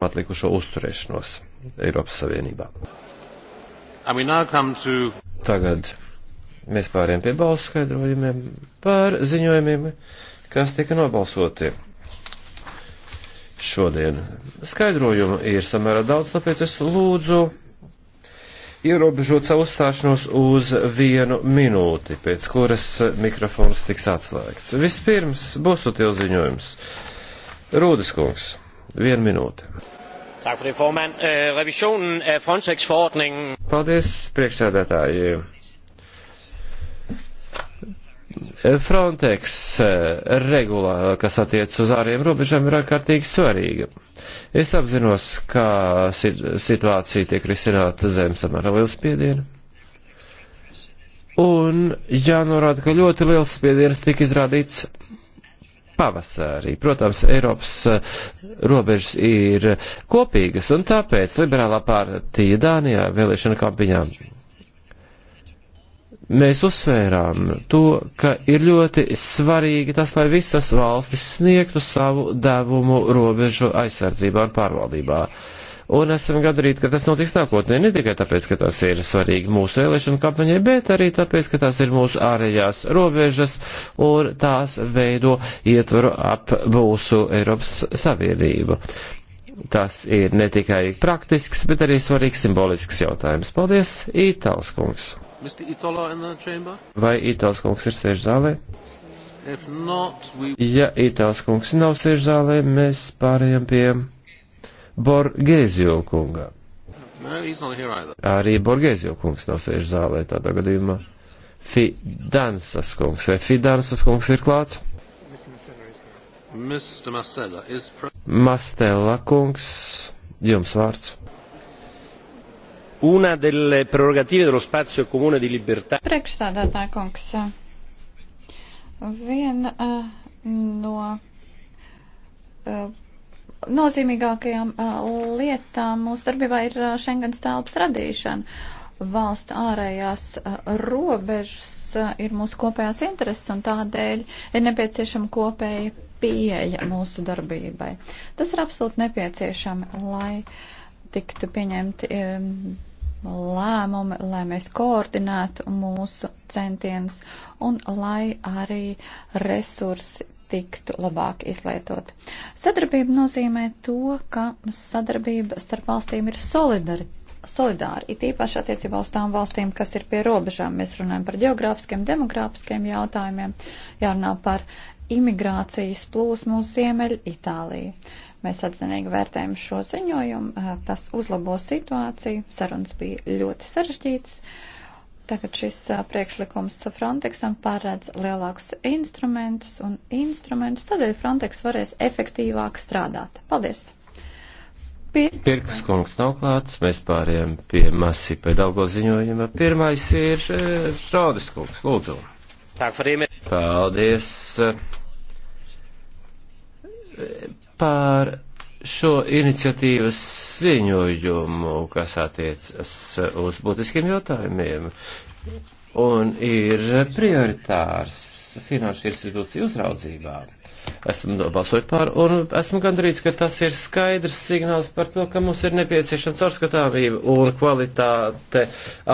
atlikušo uzturēšanos Eiropas Savienībā. To... Tagad mēs pāriem pie balss skaidrojumiem par ziņojumiem, kas tika nobalsoti šodien. Skaidrojumu ir samērā daudz, tāpēc es lūdzu ierobežot savu uzstāšanos uz vienu minūti, pēc kuras mikrofons tiks atslēgts. Vispirms būs utilziņojums. Rūdis kungs. Vienu minūti. Øh, Paldies, priekšsēdētāji. Frontex eh, regulā, kas attiec uz āriem robežām, ir ārkārtīgi svarīga. Es apzinos, kā situācija tiek risināta zem samērā liels spiediens. Un jānorāda, ka ļoti liels spiediens tika izrādīts pavasarī. Protams, Eiropas eh, robežas ir kopīgas, un tāpēc liberālā pārtīja Dānijā vēlēšana kampaņā mēs uzsvērām to, ka ir ļoti svarīgi tas, lai visas valstis sniegtu savu devumu robežu aizsardzībā un pārvaldībā. Uh, un esam gadrīt, ka tas notiks nākotnē ne tikai tāpēc, ka tas ir svarīgi mūsu vēlēšanu kampaņai, bet arī tāpēc, ka tas ir mūsu ārējās robežas un tās veido ietvaru ap mūsu Eiropas Savienību. Tas ir ne tikai praktisks, bet arī svarīgs simbolisks jautājums. Paldies, Itāls kungs! Vai Itāls kungs ir sēž zālē? Not, we... Ja Itāls kungs nav sēž zālē, mēs pārējām pie Borgēzio kungam. Arī Borgēzio kungs nav sēž zālē tādā gadījumā. Fidansas kungs, vai Fidansas kungs ir klāts? Mastella kungs, jums vārds una delle prerogative dello spazio comune di libertà. Priekšsādātāja kungs, viena eh, no eh, nozīmīgākajām lietām mūsu darbībā ir Schengens telpas radīšana. Valstu ārējās robežas ir mūsu kopējās intereses un tādēļ ir nepieciešama kopēja pieeja mūsu darbībai. Tas ir absolūti nepieciešami, lai tiktu pieņemti lēmumi, lai mēs koordinētu mūsu centienus un lai arī resursi tiktu labāk izlietot. Sadarbība nozīmē to, ka sadarbība starp valstīm ir solidaritāte solidāri, it īpaši attiecībā uz tām valstīm, kas ir pie robežām. Mēs runājam par geogrāfiskiem, demogrāfiskiem jautājumiem, jārunā par imigrācijas plūsmu uz Ziemeļu Itāliju. Mēs atzinīgi vērtējam šo ziņojumu, tas uzlabo situāciju, sarunas bija ļoti sarežģītas. Uh, Tagad šis priekšlikums Frontexam pārēdz lielākus instrumentus un instrumentus, tādēļ Frontex varēs efektīvāk strādāt. Paldies! Pie... Pirks kungs nav klāts, mēs pārējām pie masi pedalgo ziņojuma. Pirmais ir Šaudis kungs, lūdzu. Paldies! Pār šo iniciatīvas ziņojumu, kas attiecas uz būtiskiem jautājumiem, un ir prioritārs finanšu institūciju uzraudzībā. Esmu nobalsojis pār, un esmu gandrīz, ka tas ir skaidrs signāls par to, ka mums ir nepieciešama caurskatāvība un kvalitāte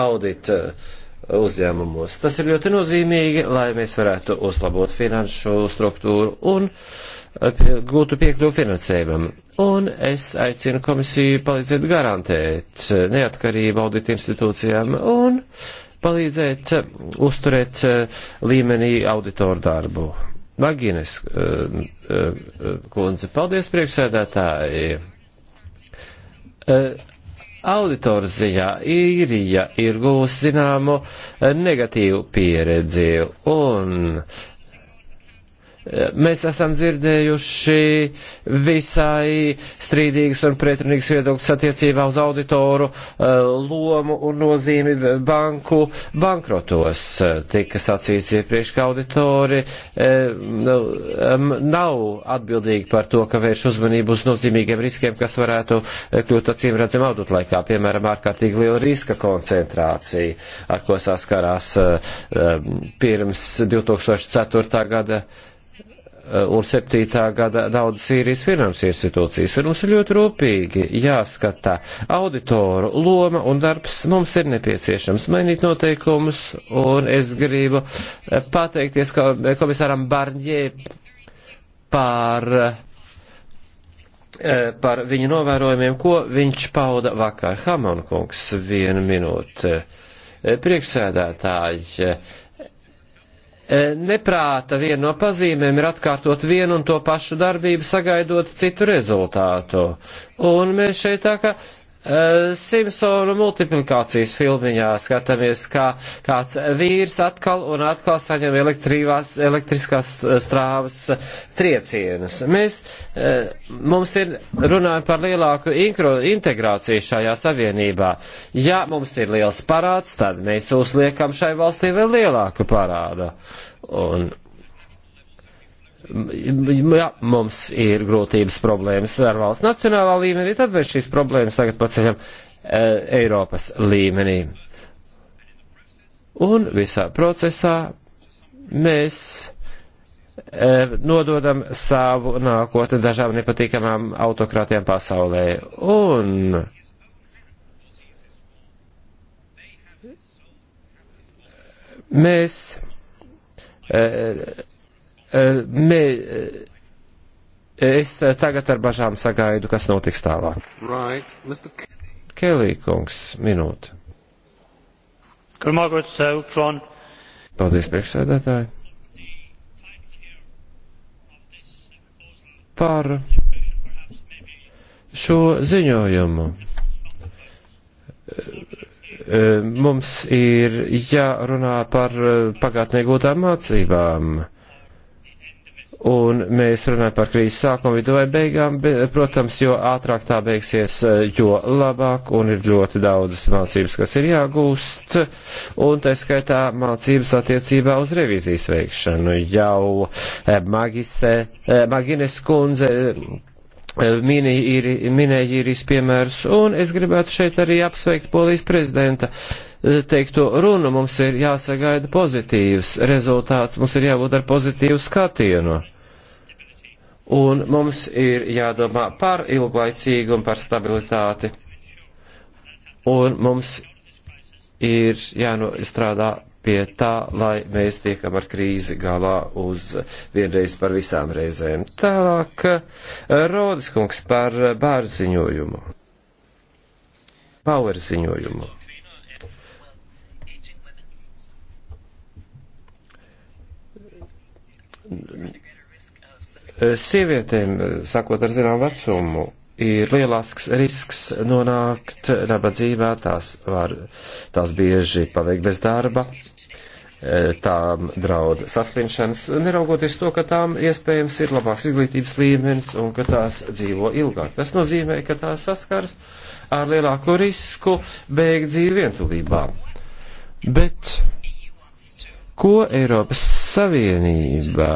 audita. Uh, uzņēmumos. Tas ir ļoti nozīmīgi, lai mēs varētu uzlabot finanšu struktūru un eh, gūtu piekļuvu finansējumam. Un es aicinu komisiju palīdzēt garantēt eh, neatkarību audita institūcijām un palīdzēt eh, uzturēt līmenī auditoru darbu. Magīnes kundze, paldies priekšsēdētāji auditoru ziņā īrija ir gūs zināmu eh, negatīvu pieredzi un uh, Mēs esam dzirdējuši visai strīdīgas un pretrunīgas viedokļas attiecībā uz auditoru eh, lomu un nozīmi banku bankrotos. Tika sacīts iepriekš, ka auditori eh, nav atbildīgi par to, ka vērš uzmanību uz nozīmīgiem riskiem, kas varētu eh, kļūt acīm redzam audut laikā, piemēram, ārkārtīgi liela riska koncentrācija, ar ko saskarās pirms 2004. gada Eh, un 7. gada daudz Sīrijas finanses institūcijas. Un mums ir ļoti rūpīgi jāskata auditoru loma un darbs. Mums ir nepieciešams mainīt noteikumus, un es gribu eh, pateikties komisāram Barņē par eh, par viņa novērojumiem, ko viņš pauda vakar. Hamankungs, viena minūte. Priekšsēdētāji, E, neprāta viena no pazīmēm ir atkārtot vienu un to pašu darbību, sagaidot citu rezultātu. Un mēs šeit tā kā Eh, Simpsonu multiplikācijas filmiņā skatāmies, kā kāds vīrs atkal un atkal saņem elektriskās strāvas triecienus. Mēs, eh, mums ir runājam par lielāku integrāciju šajā savienībā. Ja mums ir liels parāds, tad mēs uzliekam šai valstī vēl lielāku parādu. Un, ja mums ir grūtības problēmas ar valsts nacionālā līmenī, tad mēs šīs problēmas tagad paceļam e, Eiropas līmenī. Un visā procesā mēs e, nododam savu nākotni dažām nepatīkamām autokrātiem pasaulē. Un mēs e, Eh, Mē, eh, es eh, tagad ar bažām sagaidu, kas notiks tālāk. Right. Mr. Kelly kungs, minūte. Paldies, priekšsēdētāji. Par šo ziņojumu mums ir jārunā par pagātnē gūtām mācībām un mēs runājam par krīzes sākumu vidu vai beigām, bet, protams, jo ātrāk tā beigsies, eh, jo labāk, un ir ļoti daudzas mācības, kas ir jāgūst, un tā skaitā mācības attiecībā uz revizijas veikšanu. Jau eh, Magise, eh, Magines kundze minēja īrijas piemērus, un es gribētu šeit arī apsveikt polijas prezidenta teikto runu. Mums ir jāsagaida pozitīvs rezultāts, mums ir jābūt ar pozitīvu skatienu un mums ir jādomā par ilglaicīgu un par stabilitāti. Un mums ir jānostrādā pie tā, lai mēs tiekam ar krīzi galā uz vienreiz par visām reizēm. Tālāk, Rodas kungs par bārziņojumu. Bauer ziņojumu. N Sievietēm, sakot ar zinām vecumu, ir lielāks risks nonākt nabadzībā, tās, var, tās bieži paliek bez darba, e, tām draud saslimšanas, neraugoties to, ka tām iespējams ir labāks izglītības līmenis un ka tās dzīvo ilgāk. Tas nozīmē, ka tās saskars ar lielāku risku beigt dzīvi vientulībā. Bet ko Eiropas Savienība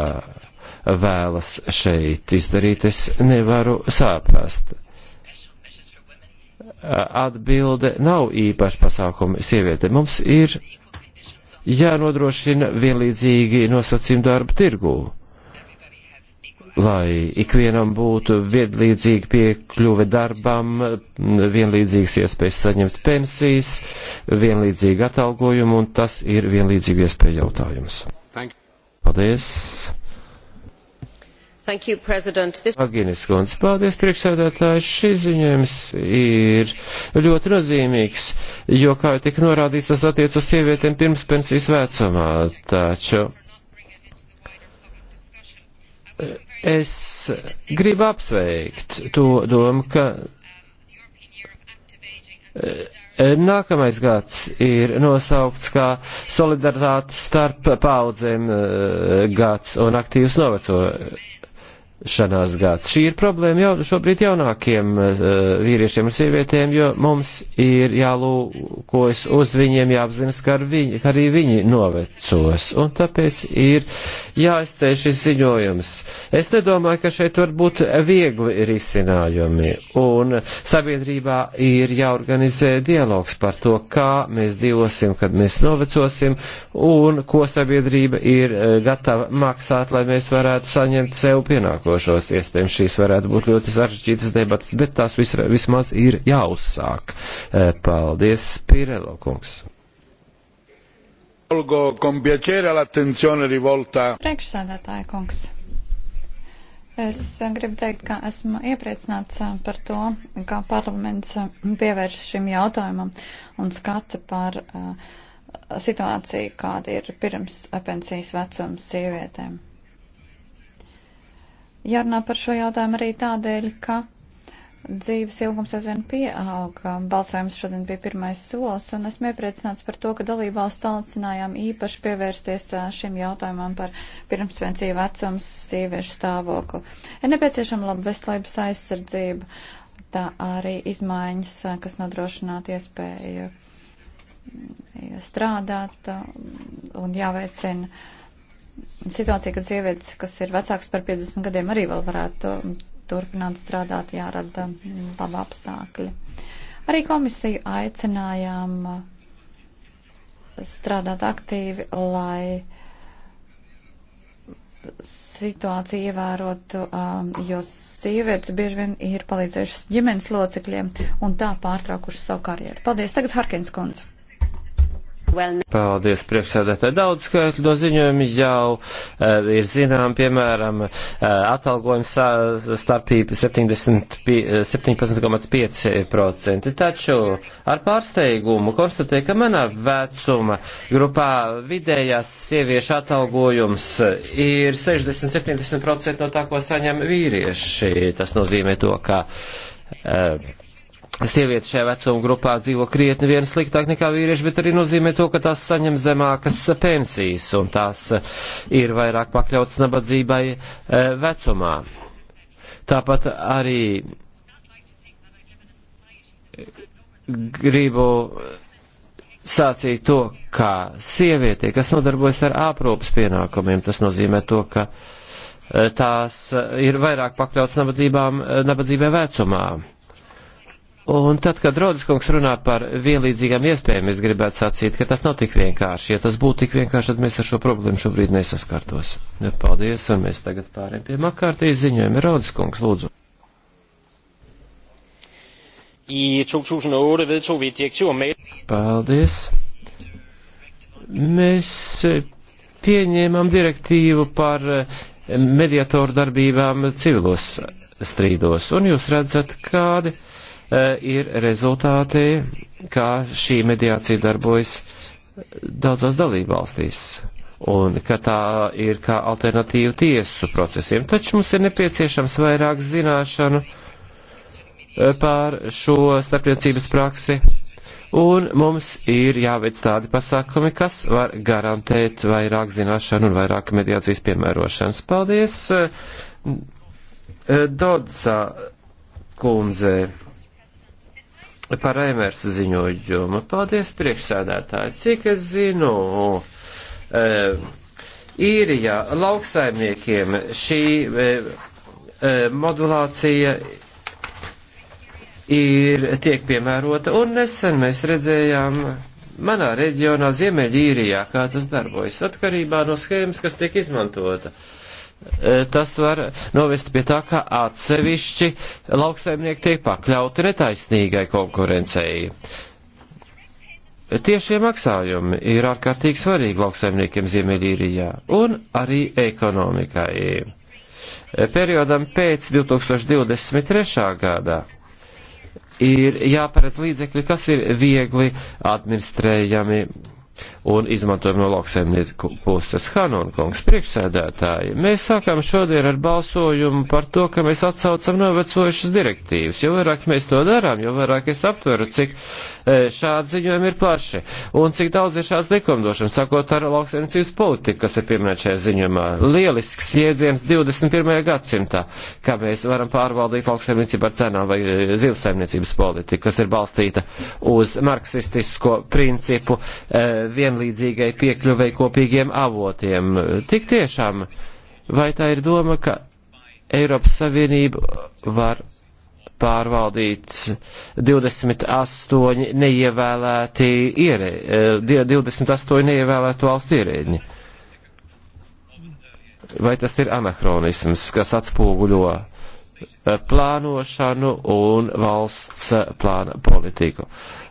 vēlas šeit izdarīt, es nevaru saprast. Atbilde nav īpaši pasākumi sieviete. Mums ir jānodrošina vienlīdzīgi nosacījumi darba tirgū, lai ikvienam būtu vienlīdzīgi piekļuve darbam, vienlīdzīgas iespējas saņemt pensijas, vienlīdzīgi atalgojumu, un tas ir vienlīdzīgi iespēja jautājums. Paldies! Aginis Kundze, paldies priekšsēdētāji. Šis ziņojums ir ļoti nozīmīgs, jo, kā jau tika norādīts, tas attiec uz sievietēm pirms pensijas vecumā. Taču es gribu apsveikt to domu, ka eh, Nākamais gads ir nosaukts kā solidaritāte starp paudzēm eh, gads un aktīvs novecojums šanās gads. Šī ir problēma jau šobrīd jaunākiem uh, vīriešiem un sievietēm, jo mums ir jālūkojas uz viņiem, jāapzinas, ka, ar viņi, ka arī viņi novecos. Un tāpēc ir jāizceļ šis ziņojums. Es nedomāju, ka šeit var būt viegli risinājumi. Un sabiedrībā ir jāorganizē dialogs par to, kā mēs dzīvosim, kad mēs novecosim, un ko sabiedrība ir eh, gatava maksāt, lai mēs varētu saņemt sev pienākumu nākošos. Iespējams, šīs varētu būt ļoti sarežģītas debatas, bet tās vis, vismaz ir jāuzsāk. E, paldies, Pirelo kungs! Priekšsēdētāja kungs, es gribu teikt, ka esmu iepriecināts par to, ka parlaments pievērš šim jautājumam un skata par uh, situāciju, kāda ir pirms pensijas vecuma sievietēm. Jārunā par šo jautājumu arī tādēļ, ka dzīves ilgums aizvien pieaug. Balsojums šodien bija pirmais solis, un esmu iepriecināts par to, ka dalībvalsts aicinājām īpaši pievērsties šim jautājumam par pirmspensiju vecums sieviešu stāvokli. Ir nepieciešama laba veselības aizsardzība, tā arī izmaiņas, kas nodrošinātu iespēju strādāt un jāveicina situācija, kad sievietes, kas ir vecākas par 50 gadiem, arī vēl varētu turpināt strādāt, jārada laba apstākļi. Arī komisiju aicinājām strādāt aktīvi, lai situāciju ievērotu, um, jo sievietes bieži vien ir palīdzējušas ģimenes locekļiem un tā pārtraukušas savu karjeru. Paldies, tagad Harkins kundze. Paldies, priekšsēdētāji. Daudz skaitļu no ziņojumi jau uh, ir zinām, piemēram, uh, atalgojums starpība 17,5%. Eh, Taču ar pārsteigumu konstatēju, ka manā vecuma grupā vidējās sieviešu atalgojums ir 60-70% no tā, ko saņem vīrieši. Tas nozīmē to, ka. Uh, sievietes šajā vecuma grupā dzīvo krietni vien sliktāk nekā vīrieši, bet arī nozīmē to, ka tās saņem zemākas pensijas un tās eh, ir vairāk pakļautas nabadzībai eh, vecumā. Tāpat arī gribu sācīt to, ka sievietē, kas nodarbojas ar āprūpas pienākumiem, tas nozīmē to, ka eh, tās ir vairāk pakļautas nabadzībām, nabadzībai vecumā Un tad, kad Rodiskungs runā par vienlīdzīgām iespējām, es gribētu sacīt, ka tas nav tik vienkārši. Ja tas būtu tik vienkārši, tad mēs ar šo problēmu šobrīd nesaskartos. Paldies, un mēs tagad pāriem pie makārtīs ziņojuma. Rodiskungs, lūdzu. Paldies. Mēs eh, pieņēmām direktīvu par eh, mediatoru darbībām civilos strīdos, un jūs redzat, kādi Eh, ir rezultāti, kā šī mediācija darbojas daudzās dalībvalstīs un ka tā ir kā alternatīva tiesu procesiem. Taču mums ir nepieciešams vairāk zināšanu eh, pār šo starpniecības praksi, un mums ir jāveic tādi pasākumi, kas var garantēt vairāk zināšanu un vairāk mediācijas piemērošanas. Paldies, eh, Dodsa kundze par Aimers ziņojumu. Paldies, priekšsēdētāji. Cik es zinu, eh, īrijā lauksaimniekiem šī eh, eh, modulācija ir tiek piemērota, un nesen mēs redzējām manā reģionā Ziemeļīrijā, kā tas darbojas atkarībā no schēmas, kas tiek izmantota. Uh, E, tas var novest pie tā, ka atsevišķi lauksaimnieki tiek pakļauti netaisnīgai konkurencei. Tiešie maksājumi ir ārkārtīgi svarīgi lauksaimniekiem Ziemeļīrijā un arī ekonomikai. E, periodam pēc 2023. gadā ir jāparedz līdzekļi, kas ir viegli administrējami un izmantojumu no lauksaimnieku puses. Hanonkongs, priekšsēdētāji, mēs sākām šodien ar balsojumu par to, ka mēs atsaucam novecojušas direktīvas. Jo vairāk mēs to darām, jo vairāk es aptveru, cik e, šādi ziņojumi ir plaši un cik daudz ir šāds likumdošanas, sakot ar lauksaimniecības politiku, kas ir pieminēta šajā ziņojumā. Lielisks jēdziens 21. gadsimtā, kā mēs varam pārvaldīt lauksaimniecību ar cenām vai e, zivsaimniecības politiku, kas ir balstīta uz marksistisko principu. E, Vien vienlīdzīgai piekļuvei kopīgiem avotiem. Tik tiešām, vai tā ir doma, ka Eiropas Savienība var pārvaldīt 28 neievēlēti ierē, 28 eh, neievēlētu valstu ierēģi? Vai tas ir anahronisms, kas atspoguļo eh, plānošanu un valsts eh, plāna politiku? Uh,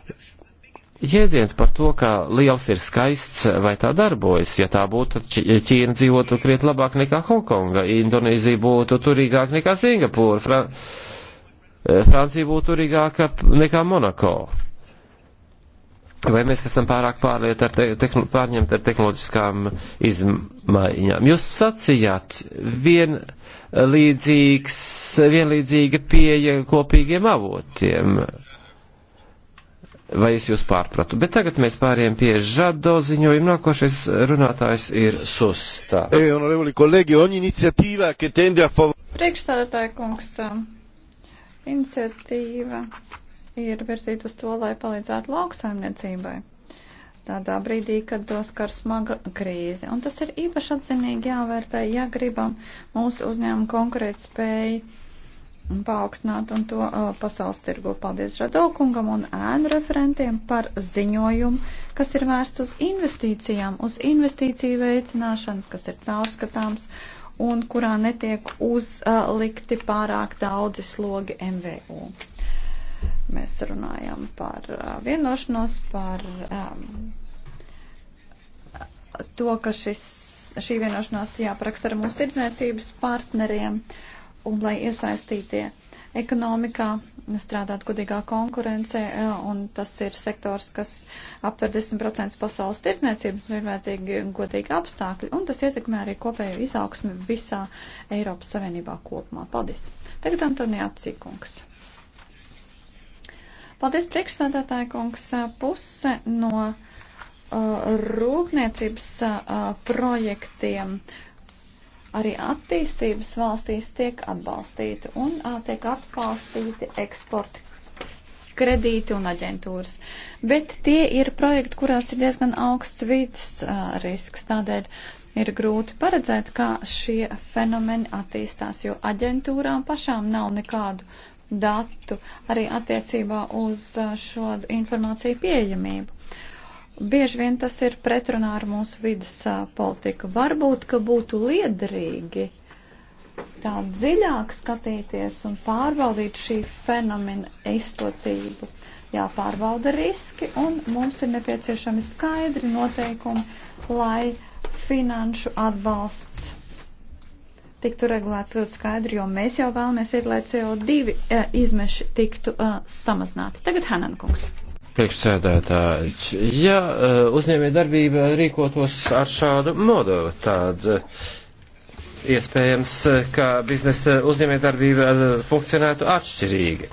jēdziens par to, ka liels ir skaists vai tā darbojas. Ja tā būtu, tad Ķīna dzīvotu kriet labāk nekā Hongkonga, Indonēzija būtu turīgāk nekā Singapūra, Fra eh, Francija būtu turīgāka nekā Monako. Vai mēs esam pārāk pārliet ar te, tehn, pārņemt ar tehnoloģiskām izmaiņām? Jūs sacījāt vien eh, līdzīgs, vienlīdzīga pieeja kopīgiem avotiem. Uh, vai es jūs pārpratu. Bet tagad mēs pāriem pie žado ziņojuma. Nākošais runātājs ir Sustā. Eh, Priekšstādātāja kungs, um, iniciatīva ir virzīta uz to, lai palīdzētu lauksaimniecībai. Tādā brīdī, kad dos kar smaga krīze. Un tas ir īpaši atzinīgi jāvērtē, ja gribam mūsu uzņēmumu konkurēt spēju un paaugstināt un to uh, pasaules tirgu. Paldies Žadokungam un ēnu referentiem par ziņojumu, kas ir vērsts uz investīcijām, uz investīciju veicināšanu, kas ir caurskatāms un kurā netiek uzlikti pārāk daudzi slogi MVU. Mēs runājam par uh, vienošanos, par um, to, ka šis, šī vienošanās jāparaksta ar mūsu tirdzniecības partneriem. Uh, un lai iesaistītie ekonomikā strādāt godīgā konkurencē, e, un tas ir sektors, kas aptver 10% pasaules tirdzniecības, un ir vajadzīgi godīgi apstākļi, un tas ietekmē arī kopējo izaugsmi visā Eiropas Savienībā kopumā. Paldies! Tagad Antonija Cikungs. Paldies, priekšstādātāja kungs, puse no uh, rūpniecības uh, projektiem. Uh, arī attīstības valstīs tiek atbalstīti un a, tiek atbalstīti eksporti kredīti un aģentūras. Bet tie ir projekti, kurās ir diezgan augsts vidas a, risks. Tādēļ ir grūti paredzēt, kā šie fenomeni attīstās, jo aģentūrām pašām nav nekādu datu arī attiecībā uz a, šo informāciju pieejamību. Bieži vien tas ir pretrunā ar mūsu vidas politiku. Varbūt, ka būtu liederīgi tā dziļāk skatīties un pārbaudīt šī fenomena izplatību. Jāpārbauda riski un mums ir nepieciešami skaidri noteikumi, lai finanšu atbalsts tiktu regulēts ļoti skaidri, jo mēs jau vēlamies iet, lai CO2 e, izmeši tiktu e, samazināti. Tagad Hanankungs priekšsēdētāji. Ja eh, uzņēmē darbība rīkotos ar šādu modeli, tad eh, iespējams, eh, ka biznesa uzņēmē darbība funkcionētu atšķirīgi.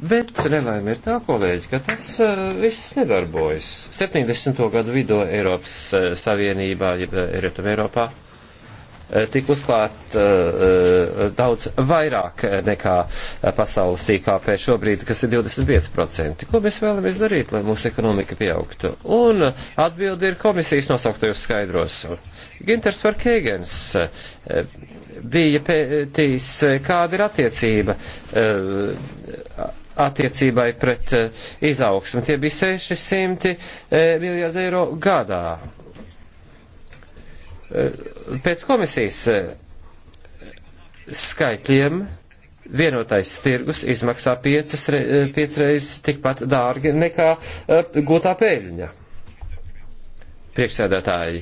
Bet nelaime ir tā, kolēģi, ka tas viss nedarbojas. 70. gadu vidū Eiropas Savienībā, ja Rietum Eiropā. Eiropā Eh, tik uzklāt eh, eh, daudz vairāk nekā pasaules IKP šobrīd, kas ir 25%. Ko mēs vēlamies darīt, lai mūsu ekonomika pieaugtu? Un atbildi ir komisijas nosauktajos skaidros. Ginters Varkēgens bija pētījis, kāda ir attiecība attiecībai pret izaugsmu. Tie bija 600 miljardi eiro gadā. Pēc komisijas eh, skaitļiem vienotais tirgus izmaksā piecas, eh, piecreiz tikpat dārgi nekā eh, gūtā pēļņa. Priekšsēdētāji,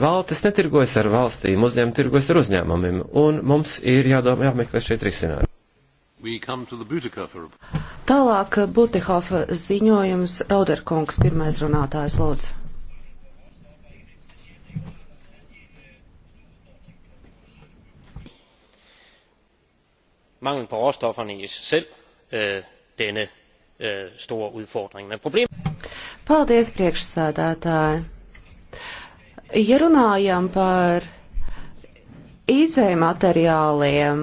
valstis netirgojas ar valstīm, uzņēmumi tirgojas ar uzņēmumiem, un mums ir jādomā, jāmeklē šeit risinājumi. Tālāk Butihofa ziņojums Rauderkungs, pirmais runātājs lūdzu. manglen på råstofferne i sig selv øh, denne øh, store udfordring. Men problem... Paldies, priekšsēdētāji! Ja runājam par izējumateriāliem,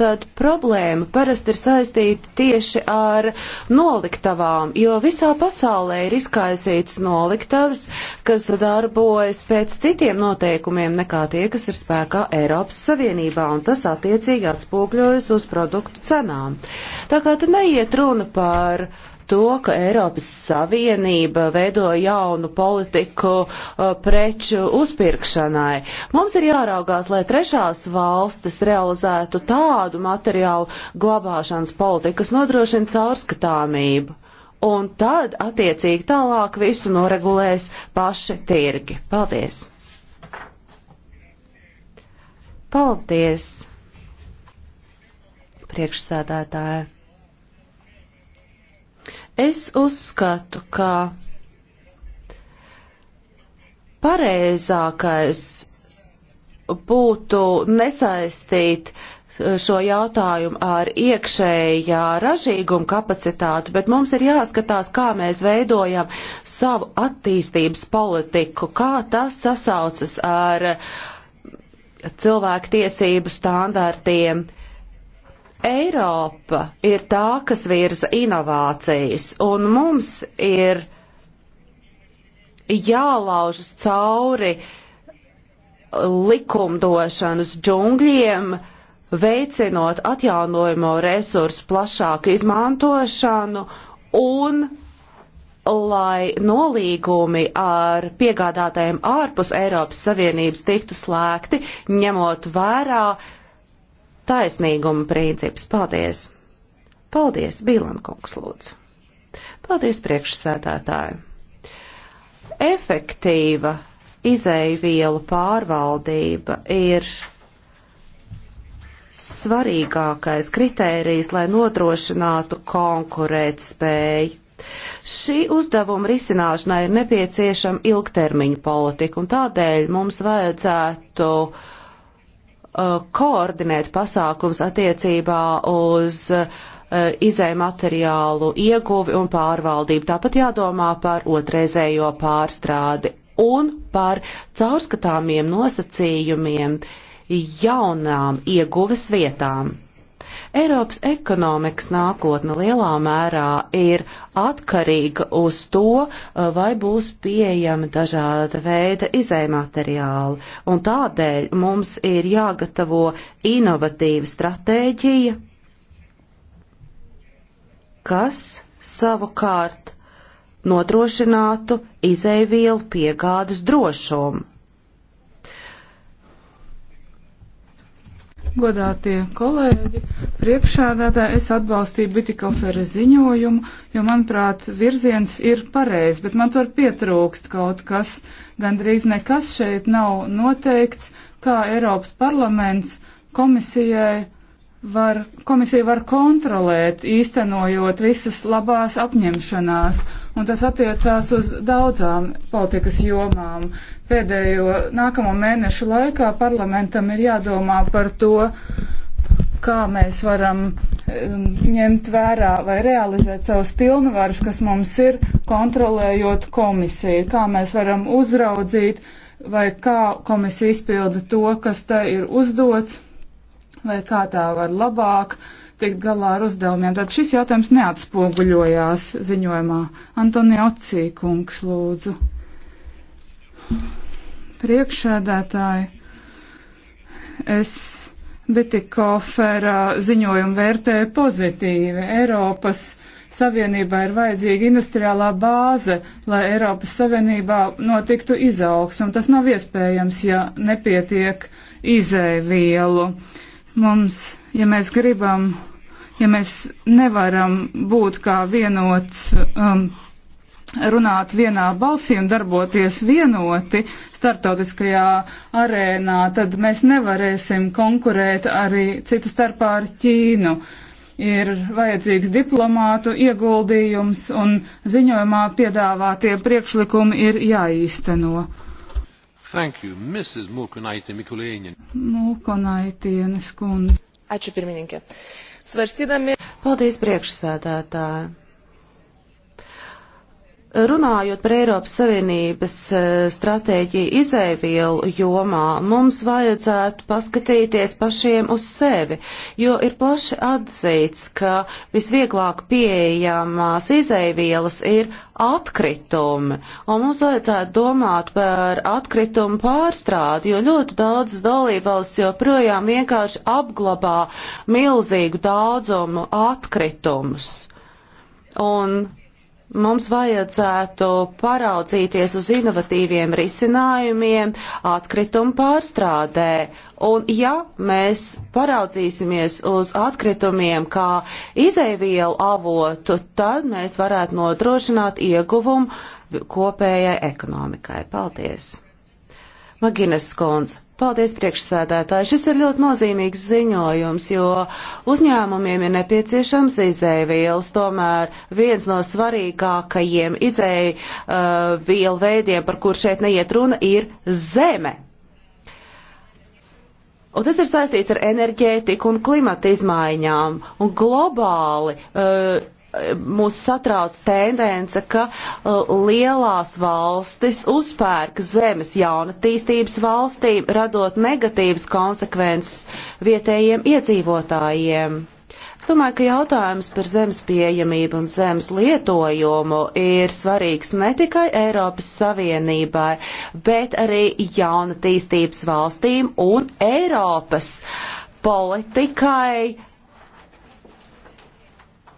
Tad problēma parasti ir saistīta tieši ar noliktavām, jo visā pasaulē ir izkaisīts noliktavas, kas darbojas pēc citiem noteikumiem nekā tie, kas ir spēkā Eiropas Savienībā, un tas attiecīgi atspūkļojas uz produktu cenām. Tā kā te neiet runa par to, ka Eiropas Savienība veido jaunu politiku uh, preču uzpirkšanai. Mums ir jāraugās, lai trešās valstis realizētu tādu materiālu glabāšanas politiku, kas nodrošina caurskatāmību. Un tad, attiecīgi, tālāk visu noregulēs paši tirgi. Paldies! Paldies! Priekšsēdētāji! Es uzskatu, ka pareizākais būtu nesaistīt šo jautājumu ar iekšējā ražīguma kapacitāti, bet mums ir jāskatās, kā mēs veidojam savu attīstības politiku, kā tas sasaucas ar cilvēku tiesību standartiem, Eiropa ir tā, kas virza inovācijas, un mums ir jālaužas cauri likumdošanas džungļiem, veicinot atjaunojamo resursu plašāku izmantošanu un lai nolīgumi ar piegādātājiem ārpus Eiropas Savienības tiktu slēgti, ņemot vērā uh, taisnīguma princips. Paldies! Paldies, Bilankungs, lūdzu! Paldies, priekšsēdētāji! Efektīva izēvielu pārvaldība ir svarīgākais kritērijs, lai nodrošinātu konkurēt spēju. Šī uzdevuma risināšanai ir nepieciešama ilgtermiņa politika, un tādēļ mums vajadzētu uh, Uh, koordinēt pasākums attiecībā uz uh, izēju materiālu ieguvi un pārvaldību. Tāpat jādomā par otrreizējo pārstrādi un par caurskatāmiem nosacījumiem jaunām ieguves vietām. Eiropas ekonomikas nākotne lielā mērā ir atkarīga uz to, eh, vai būs pieejami dažāda veida izējumateriāli, un tādēļ mums ir jāgatavo inovatīva stratēģija, kas savukārt nodrošinātu izēvielu piegādes drošumu. Godātie kolēģi, priekšādātāji, es atbalstīju Bitikofera ziņojumu, jo, manuprāt, virziens ir pareizs, bet man tur pietrūkst kaut kas. Gandrīz nekas šeit nav noteikts, kā Eiropas parlaments komisijai var, komisija var kontrolēt, īstenojot visas labās apņemšanās, un tas attiecās uz daudzām politikas jomām pēdējo nākamo mēnešu laikā parlamentam ir jādomā par to, kā mēs varam um, ņemt vērā vai realizēt savus pilnvarus, kas mums ir, kontrolējot komisiju, kā mēs varam uzraudzīt vai kā komisija izpilda to, kas tai ir uzdots, vai kā tā var labāk tikt galā ar uzdevumiem. Tad šis jautājums neatspoguļojās ziņojumā. Antoni Ocīkungs, lūdzu. Thank you priekšēdētāji. Es Bitikofera ziņojumu vērtēju pozitīvi. Eiropas Savienībā ir vajadzīga industriālā bāze, lai Eiropas Savienībā notiktu izaugs, un tas nav iespējams, ja nepietiek izēvielu. Mums, ja mēs gribam, ja mēs nevaram būt kā vienots um, runāt vienā balsī un darboties vienoti startautiskajā arēnā, tad mēs nevarēsim konkurēt arī citu starpā ar Ķīnu. Ir vajadzīgs diplomātu ieguldījums un ziņojumā piedāvātie priekšlikumi ir jāīsteno. Thank you, Mrs. Mulkunaitė Mikulēņina. Mulkunaitienes kundze. Ačiū pirmininkė. Svarstydami. Paldies priekšsēdētāji Runājot par Eiropas Savienības eh, stratēģiju izēvielu jomā, mums vajadzētu paskatīties pašiem uz sevi, jo ir plaši atzīts, ka visvieglāk pieejamās izēvielas ir atkritumi, un mums vajadzētu domāt par atkritumu pārstrādi, jo ļoti daudz dalībvalsts joprojām vienkārši apglabā milzīgu daudzumu atkritumus. Un mums vajadzētu paraudzīties uz inovatīviem risinājumiem atkritumu pārstrādē. Un ja mēs paraudzīsimies uz atkritumiem kā izēvielu avotu, tad mēs varētu nodrošināt ieguvumu kopējai ekonomikai. Paldies! Maginas Skons. Paldies, priekšsēdētāji. Šis ir ļoti nozīmīgs ziņojums, jo uzņēmumiem ir nepieciešams izēvielas. Tomēr viens no svarīgākajiem izēvielu uh, veidiem, par kur šeit neiet runa, ir zeme. Un tas ir saistīts ar enerģētiku un klimata izmaiņām. Un globāli uh, mūs satrauc tendence, ka uh, lielās valstis uzpērk zemes jaunatīstības valstīm, radot negatīvas konsekvences vietējiem iedzīvotājiem. Es domāju, ka jautājums par zemes pieejamību un zemes lietojumu ir svarīgs ne tikai Eiropas Savienībai, bet arī jaunatīstības valstīm un Eiropas politikai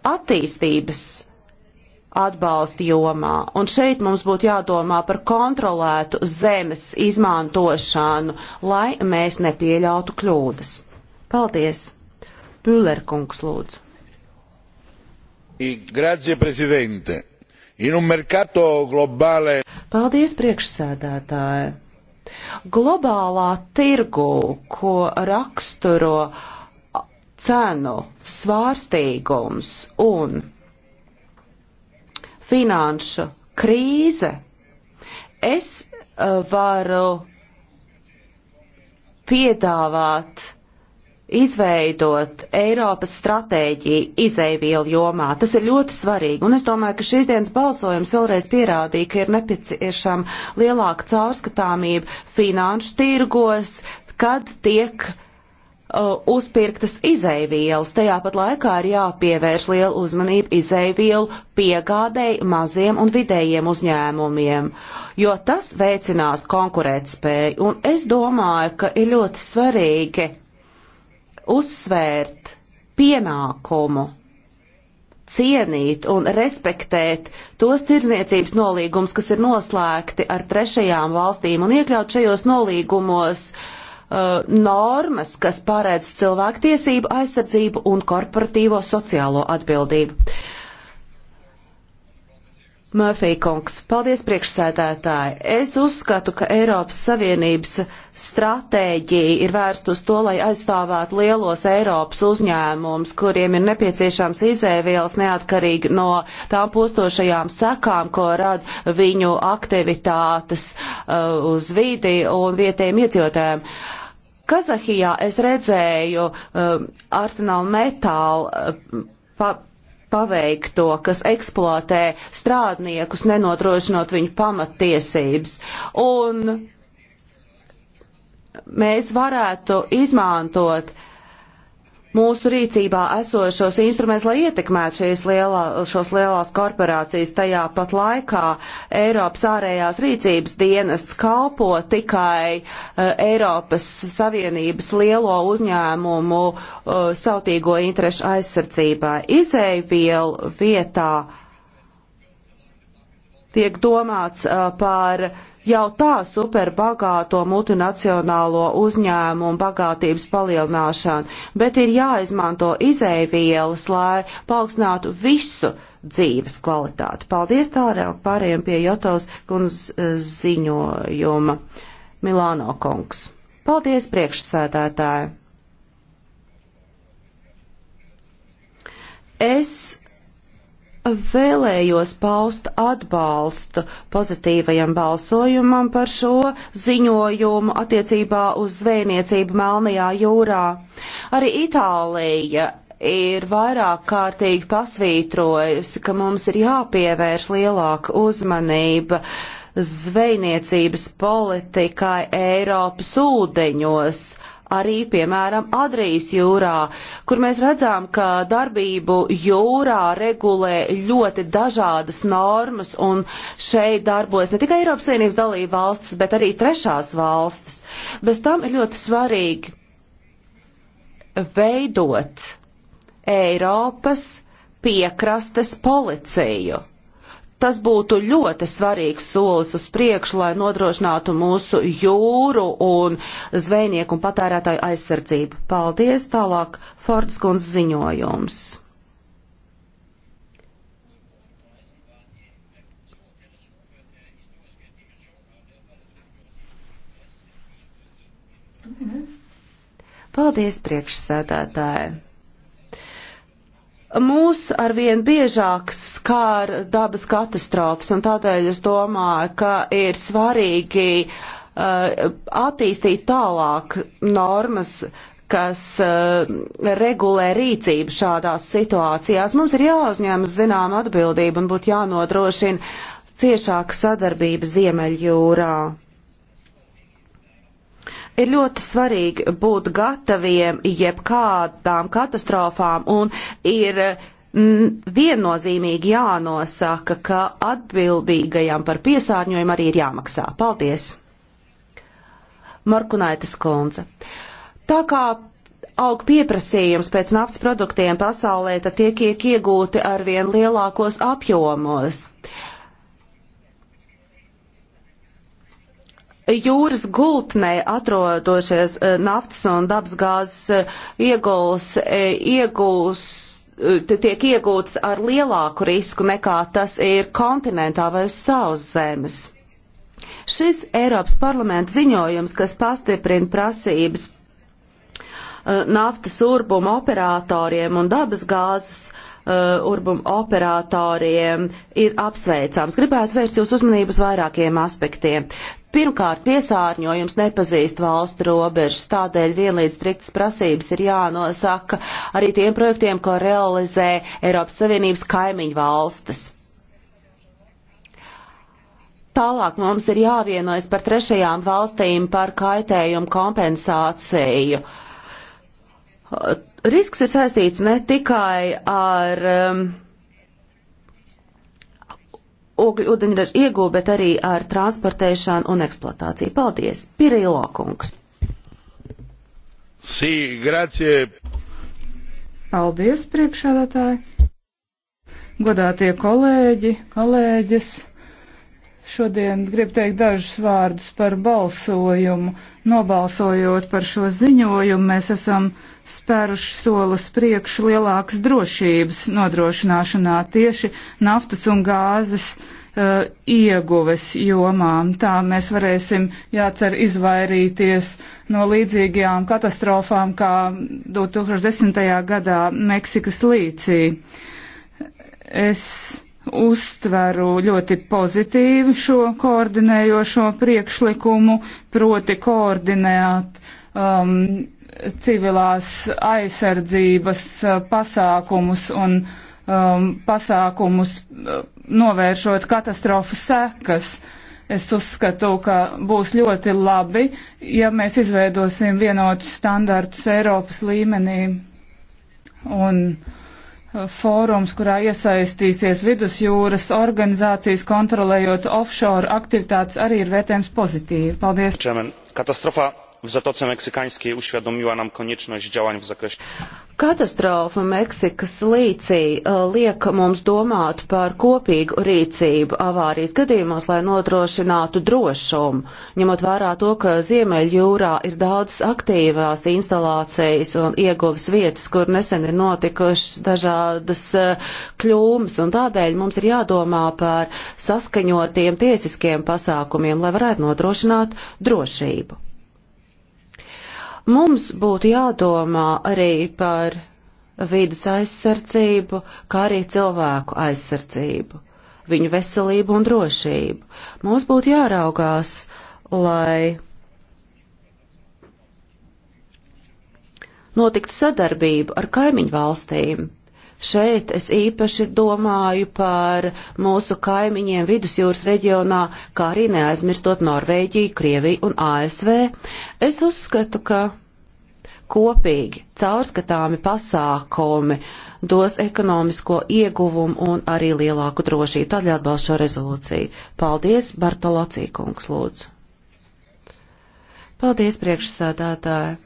attīstības atbalsta jomā. Un šeit mums būtu jādomā par kontrolētu zemes izmantošanu, lai mēs nepieļautu kļūdas. Paldies! Pülerkungs lūdzu. Grazie, prezidente. In un mercato globale. Paldies, priekšsēdētāji. Globālā tirgu, ko raksturo uh, cenu svārstīgums un finanšu krīze, es eh, varu piedāvāt izveidot Eiropas stratēģiju izēvielu jomā. Tas ir ļoti svarīgi, un es domāju, ka šīs dienas balsojums vēlreiz pierādīja, ka ir nepieciešama lielāka caurskatāmība finanšu tirgos, kad tiek uh, Uh, uzpirktas izēvielas. Tajā pat laikā ir jāpievērš liela uzmanība izēvielu piegādēji maziem un vidējiem uzņēmumiem, jo tas veicinās konkurētspēju. Un es domāju, ka ir ļoti svarīgi uzsvērt pienākumu cienīt un respektēt tos tirzniecības nolīgumus, kas ir noslēgti ar trešajām valstīm un iekļaut šajos nolīgumos uh, uh, normas, kas pārēdz cilvēktiesību aizsardzību un korporatīvo sociālo atbildību. Murphy kungs, paldies priekšsēdētāji. Es uzskatu, ka Eiropas Savienības stratēģija ir vērst uz to, lai aizstāvētu lielos Eiropas uzņēmumus, kuriem ir nepieciešams izēvielas neatkarīgi no tām postošajām sekām, ko rada viņu aktivitātes uh, uz vidi un vietējiem iedzīvotājiem. Uh, Kazahijā es redzēju um, arsenālu metālu um, pa, paveikto, kas eksploatē strādniekus, nenodrošinot viņu pamattiesības. Un mēs varētu izmantot uh, mūsu rīcībā esošos instrumentus, lai ietekmētu šīs lielā, šos lielās korporācijas. Tajā pat laikā Eiropas ārējās rīcības dienests kalpo tikai uh, Eiropas Savienības lielo uzņēmumu uh, sautīgo interešu aizsardzībā. Izēvielu vietā tiek domāts uh, par jau tā superbagāto multinacionālo uzņēmumu bagātības palielināšana, bet ir jāizmanto izēvielas, lai paaugstinātu visu dzīves kvalitāti. Paldies tālāk pārējiem pie Jotovs kundzes ziņojuma. Milāno kungs. Paldies priekšsēdētāji. Es vēlējos paust atbalstu pozitīvajam balsojumam par šo ziņojumu attiecībā uz zvejniecību Melnajā jūrā. Arī Itālija ir vairāk kārtīgi pasvītrojusi, ka mums ir jāpievērš lielāka uzmanība zvejniecības politikai Eiropas ūdeņos arī, piemēram, Adrijas jūrā, kur mēs redzam, ka darbību jūrā regulē ļoti dažādas normas, un šeit darbojas ne tikai Eiropas Savienības dalība valstis, bet arī trešās valstis. Bez tam ir ļoti svarīgi veidot Eiropas piekrastes policiju Tas būtu ļoti svarīgs solis uz priekšu, lai nodrošinātu mūsu jūru un zvejnieku un patērētāju aizsardzību. Paldies! Tālāk Fords kundz ziņojums. Paldies, priekšsēdētāji! Mūs arvien biežāk skār dabas katastrofas, un tādēļ es domāju, ka ir svarīgi uh, attīstīt tālāk normas, kas uh, regulē rīcību šādās situācijās. Mums ir jāuzņemas zinām atbildību un būtu jānodrošina ciešāka sadarbība Ziemeļjūrā. Ir ļoti svarīgi būt gataviem jebkādām katastrofām un ir mm, viennozīmīgi jānosaka, ka atbildīgajam par piesārņojumu arī ir jāmaksā. Paldies! Markunaitis Konze. Tā kā aug pieprasījums pēc naftas produktiem pasaulē, tad tie tiek iegūti ar vien lielākos apjomos. Uh, jūras gultnē atrodošies eh, naftas un dabasgāzes eh, ieguls, eh, ieguls tiek iegūts ar lielāku risku nekā tas ir kontinentā vai uz savas zemes. Šis Eiropas parlamenta ziņojums, kas pastiprina prasības naftas urbuma operatoriem un dabasgāzes uh, uh, urbumu operatoriem ir apsveicams. Gribētu vērst jūs uzmanību uz vairākiem aspektiem. Pirmkārt, piesārņojums nepazīst valstu robežas, tādēļ vienlīdz striktas prasības ir jānosaka arī tiem projektiem, ko realizē Eiropas Savienības kaimiņu valstis. Tālāk mums ir jāvienojas par trešajām valstīm par kaitējumu kompensāciju risks ir saistīts ne tikai ar um, ogļu ūdeņraža iegūvu, bet arī ar transportēšanu un eksploatāciju. Paldies, Pirilo kungs! Sī, grazie! Paldies, priekšādātāji! Godātie kolēģi, kolēģis! Šodien gribu teikt dažus vārdus par balsojumu. Nobalsojot par šo ziņojumu, mēs esam spēruši solus priekš lielākas drošības nodrošināšanā tieši naftas un gāzes uh, ieguves jomām. Tā mēs varēsim, jācer, izvairīties no līdzīgajām katastrofām kā 2010. gadā Meksikas līcī. Es uztveru ļoti pozitīvi šo koordinējošo priekšlikumu, proti koordinēt um, civilās aizsardzības uh, pasākumus un um, pasākumus uh, novēršot katastrofu sekas. Es uzskatu, ka būs ļoti labi, ja mēs izveidosim vienotus standartus Eiropas līmenī. Un, uh, fórums, kurā iesaistīsies vidusjūras organizācijas kontrolējot offshore aktivitātes, arī ir vērtējums pozitīvi. Paldies! Čemen. Katastrofa w Zatoce Meksykańskiej uświadomiła nam konieczność działań w zakresie. Katastrofa Meksikas līcī uh, liek mums domāt par kopīgu rīcību avārijas gadījumos, lai nodrošinātu drošumu, ņemot vērā to, ka Ziemeļjūrā ir daudz aktīvās instalācijas un ieguves vietas, kur nesen ir notikušas dažādas uh, kļūmes, un tādēļ mums ir jādomā par saskaņotiem tiesiskiem pasākumiem, lai varētu nodrošināt drošību. Mums būtu jādomā arī par vidas aizsardzību, kā arī cilvēku aizsardzību, viņu veselību un drošību. Mums būtu jāraugās, lai notiktu sadarbība ar kaimiņu valstīm Šeit es īpaši domāju par mūsu kaimiņiem vidusjūras reģionā, kā arī neaizmirstot Norvēģiju, Krieviju un ASV. Es uzskatu, ka kopīgi caurskatāmi pasākumi dos ekonomisko ieguvumu un arī lielāku drošību. Tādēļ atbalstu šo rezolūciju. Paldies, Bartolocī kungs, lūdzu. Paldies, priekšsēdētāji.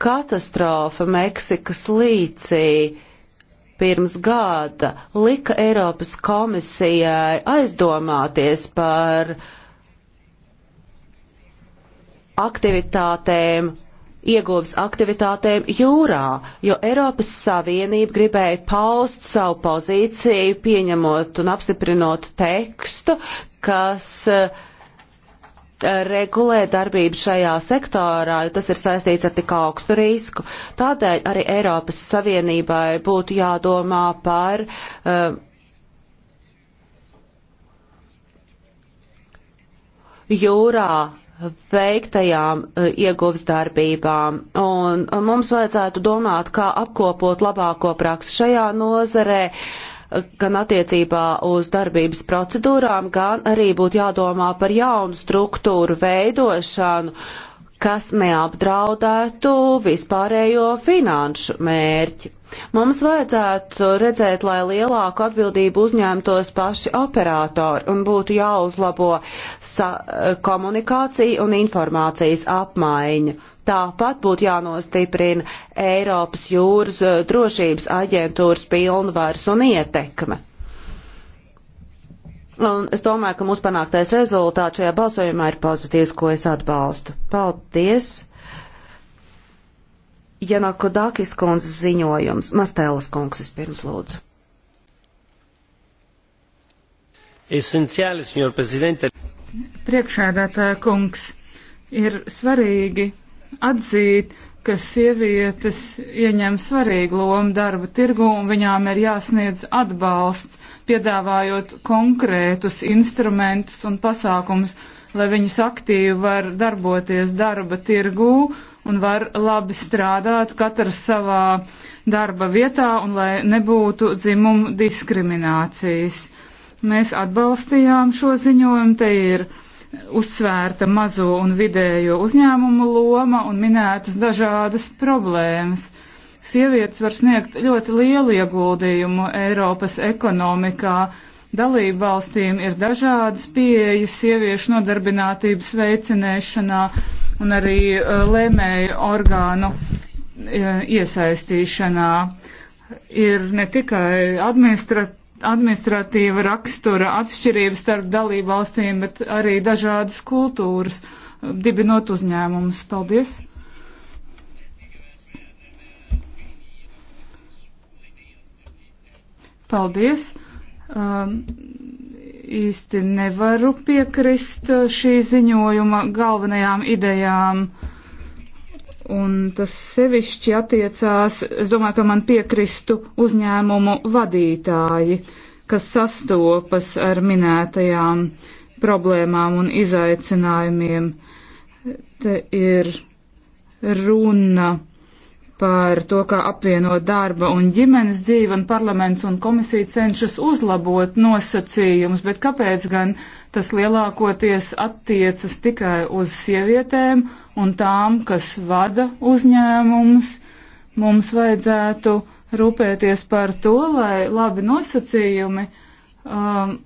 katastrofa Meksikas līcī pirms gada lika Eiropas komisijai aizdomāties par aktivitātēm, ieguvas aktivitātēm jūrā, jo Eiropas Savienība gribēja paust savu pozīciju, pieņemot un apstiprinot tekstu, kas uh, Eh, regulēt darbību šajā sektorā, jo tas ir saistīts ar tik augstu risku. Tādēļ arī Eiropas Savienībai būtu jādomā par uh, jūrā veiktajām eh, ieguvs darbībām. Un mums vajadzētu domāt, kā apkopot labāko praksu šajā nozarē, uh, gan attiecībā uz darbības procedūrām, gan arī būtu jādomā par jaunu struktūru veidošanu, kas neapdraudētu vispārējo finanšu mērķi. Mums vajadzētu redzēt, lai lielāku atbildību uzņēmtos paši operatori un būtu jāuzlabo komunikācija un informācijas apmaiņa. Tāpat būtu jānostiprina Eiropas jūras drošības aģentūras pilnvars un ietekme. Un es domāju, ka mūsu panāktais rezultāts šajā balsojumā ir pozitīvs, ko es atbalstu. Paldies! Janako Dakis kundzes ziņojums. Mastēlas kungs vispirms lūdzu. Esenciāli, senjor prezidente. Priekšēdētāja kungs, ir svarīgi atzīt, ka sievietes ieņem svarīgu lomu darba tirgu un viņām ir jāsniedz atbalsts piedāvājot konkrētus instrumentus un pasākumus, lai viņas aktīvi var darboties darba tirgū un var labi strādāt katrs savā darba vietā un lai nebūtu dzimumu diskriminācijas. Mēs atbalstījām šo ziņojumu, te ir uzsvērta mazo un vidējo uzņēmumu loma un minētas dažādas problēmas Sievietes var sniegt ļoti lielu ieguldījumu Eiropas ekonomikā. Dalību valstīm ir dažādas pieejas sieviešu nodarbinātības veicinēšanā un arī uh, lēmēju orgānu uh, iesaistīšanā. Ir ne tikai administrat administratīva rakstura atšķirības starp dalību valstīm, bet arī dažādas kultūras dibinot uzņēmumus. Paldies! Paldies! Um, īsti nevaru piekrist uh, šī ziņojuma galvenajām idejām. Un tas sevišķi attiecās, es domāju, ka man piekristu uzņēmumu vadītāji, kas sastopas ar minētajām problēmām un izaicinājumiem. Te ir runa par to, kā apvienot darba un ģimenes dzīvi, un parlaments un komisija cenšas uzlabot nosacījumus, bet kāpēc gan tas lielākoties attiecas tikai uz sievietēm un tām, kas vada uzņēmumus? Mums vajadzētu rūpēties par to, lai labi nosacījumi um,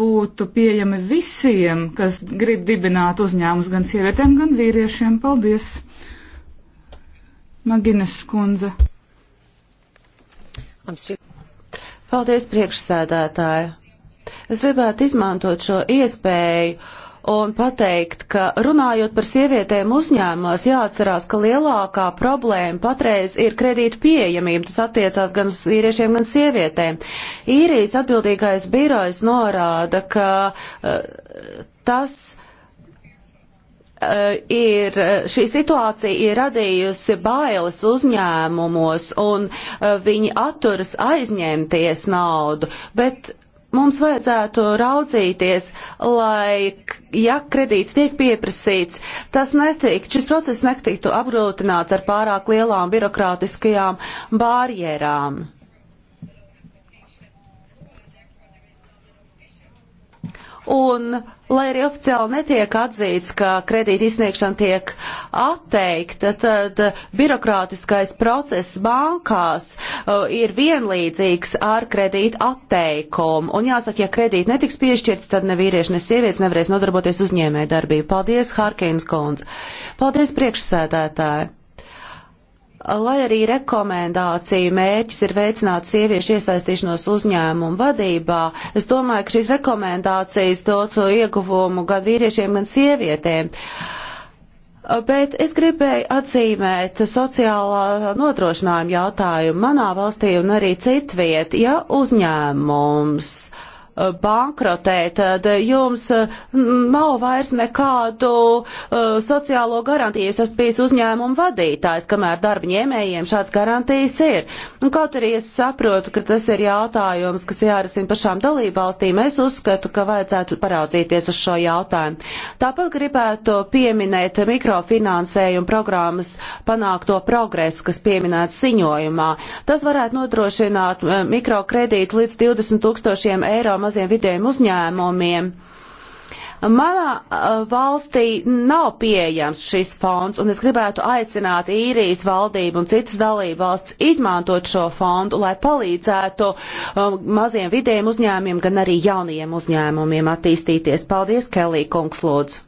būtu pieejami visiem, kas grib dibināt uzņēmumus, gan sievietēm, gan vīriešiem. Paldies! Magines kundze. Paldies, priekšsēdētāja. Es gribētu izmantot šo iespēju un pateikt, ka runājot par sievietēm uzņēmumos, jāatcerās, ka lielākā problēma patreiz ir kredītu pieejamība. Tas attiecās gan uz vīriešiem, gan sievietēm. Īrijas atbildīgais birojs norāda, ka uh, tas Eh, ir, eh, šī situācija ir radījusi bailes uzņēmumos un eh, viņi atturas aizņemties naudu, bet mums vajadzētu raudzīties, lai, ja kredīts tiek pieprasīts, tas netikt, šis process netiktu apgrūtināts ar pārāk lielām birokrātiskajām bārjerām. Un uh, Lai arī oficiāli netiek atzīts, ka kredīta izsniegšana tiek atteikta, tad birokrātiskais process bankās uh, ir vienlīdzīgs ar kredīta atteikumu. Un jāsaka, ja kredīti netiks piešķirti, tad ne vīrieši, ne sievietes nevarēs nodarboties uzņēmē darbību. Paldies, Harkins Kons. Paldies, priekšsēdētāji. Lai arī rekomendāciju mērķis ir veicināt sieviešu iesaistīšanos uzņēmumu vadībā, es domāju, ka šīs rekomendācijas dod to ieguvumu gan vīriešiem, gan sievietēm. Bet es gribēju atzīmēt sociālā nodrošinājuma jautājumu manā valstī un arī citviet, ja uzņēmums uh, Eh, bankrotē, eh, tad jums eh, nav vairs nekādu sociālo garantiju. Es esmu bijis uzņēmumu vadītājs, kamēr darba ņēmējiem šāds garantijas ir. Un kaut arī es saprotu, ka tas ir jautājums, kas jārisina pašām dalībvalstīm, es uzskatu, ka vajadzētu paraudzīties uz šo jautājumu. Tāpat gribētu pieminēt mikrofinansējumu programmas panākto progresu, kas pieminēts ziņojumā. Tas varētu nodrošināt mikrokredītu līdz 20 tūkstošiem eiro maziem vidējiem uzņēmumiem. Manā uh, valstī nav pieejams šis fonds, un es gribētu aicināt īrijas valdību un citas dalību valsts izmantot šo fondu, lai palīdzētu um, maziem vidējiem uzņēmumiem, gan arī jaunajiem uzņēmumiem attīstīties. Paldies, Kelī Kungs, lūdzu.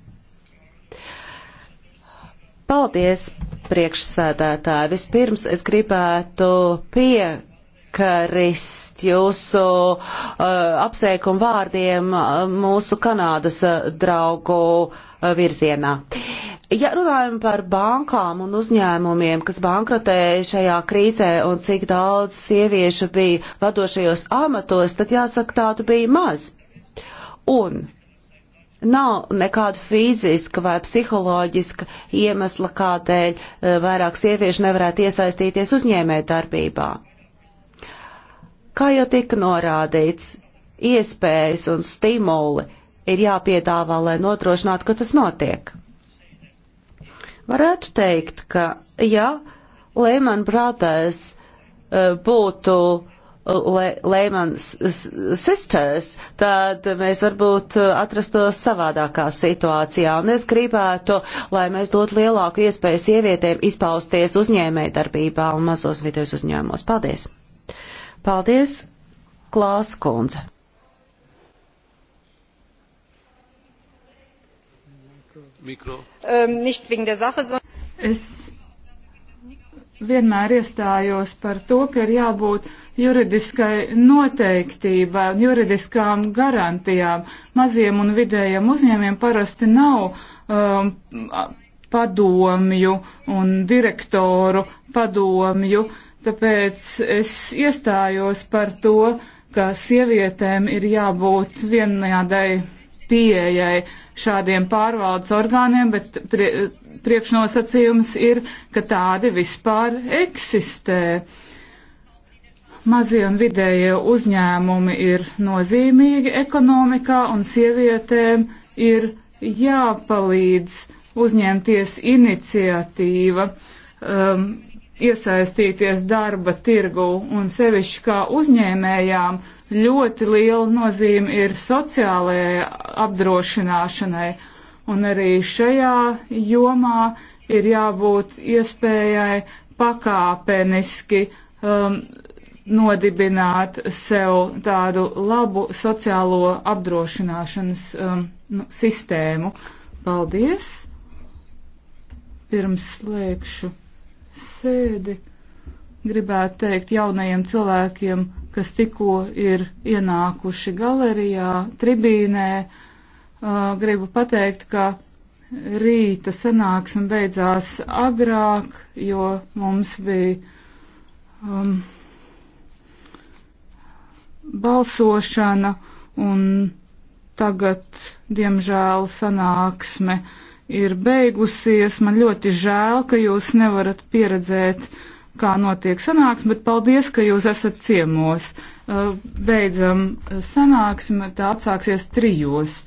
Paldies, priekšsēdētāji. Vispirms es gribētu pie piekrist jūsu uh, apsveikumu vārdiem uh, mūsu Kanādas uh, draugu uh, virzienā. Ja runājam par bankām un uzņēmumiem, kas bankrotēja šajā krīzē un cik daudz sieviešu bija vadošajos amatos, tad jāsaka, tādu bija maz. Un nav nekāda fiziska vai psiholoģiska iemesla, kādēļ uh, vairāk sieviešu nevarētu iesaistīties uzņēmē darbībā. Kā jau tika norādīts, iespējas un stimuli ir jāpiedāvā, lai nodrošinātu, ka tas notiek. Varētu teikt, ka ja Lehman Brothers e, būtu e, Le Lehman Sisters, tad mēs varbūt e, atrastos savādākā situācijā. Un es gribētu, lai mēs dotu lielāku iespēju sievietēm izpausties uzņēmē darbībā un mazos vidējos uzņēmumos. Paldies! Paldies, Klās Kundze! Mikro. Ähm, es vienmēr iestājos par to, ka ir jābūt juridiskai noteiktībai un juridiskām garantijām. Maziem un vidējiem uzņēmiem parasti nav um, padomju un direktoru padomju. Uh, Tāpēc es iestājos par to, ka sievietēm ir jābūt vienādai pieejai šādiem pārvaldes orgāniem, bet prie, priekšnosacījums ir, ka tādi vispār eksistē. Mazie un vidējie uzņēmumi ir nozīmīgi ekonomikā un sievietēm ir jāpalīdz uzņemties iniciatīva. Um, iesaistīties darba tirgu un sevišķi kā uzņēmējām ļoti liela nozīme ir sociālajai apdrošināšanai. Un arī šajā jomā ir jābūt iespējai pakāpeniski um, nodibināt sev tādu labu sociālo apdrošināšanas um, nu, sistēmu. Paldies! Pirms slēgšu sēdi. Gribētu teikt jaunajiem cilvēkiem, kas tikko ir ienākuši galerijā, tribīnē, uh, gribu pateikt, ka rīta sanāksme beidzās agrāk, jo mums bija um, balsošana un tagad, diemžēl, sanāksme ir beigusies. Man ļoti žēl, ka jūs nevarat pieredzēt, kā notiek sanāksme, bet paldies, ka jūs esat ciemos. Uh, beidzam sanāksme, tā atsāksies trijos.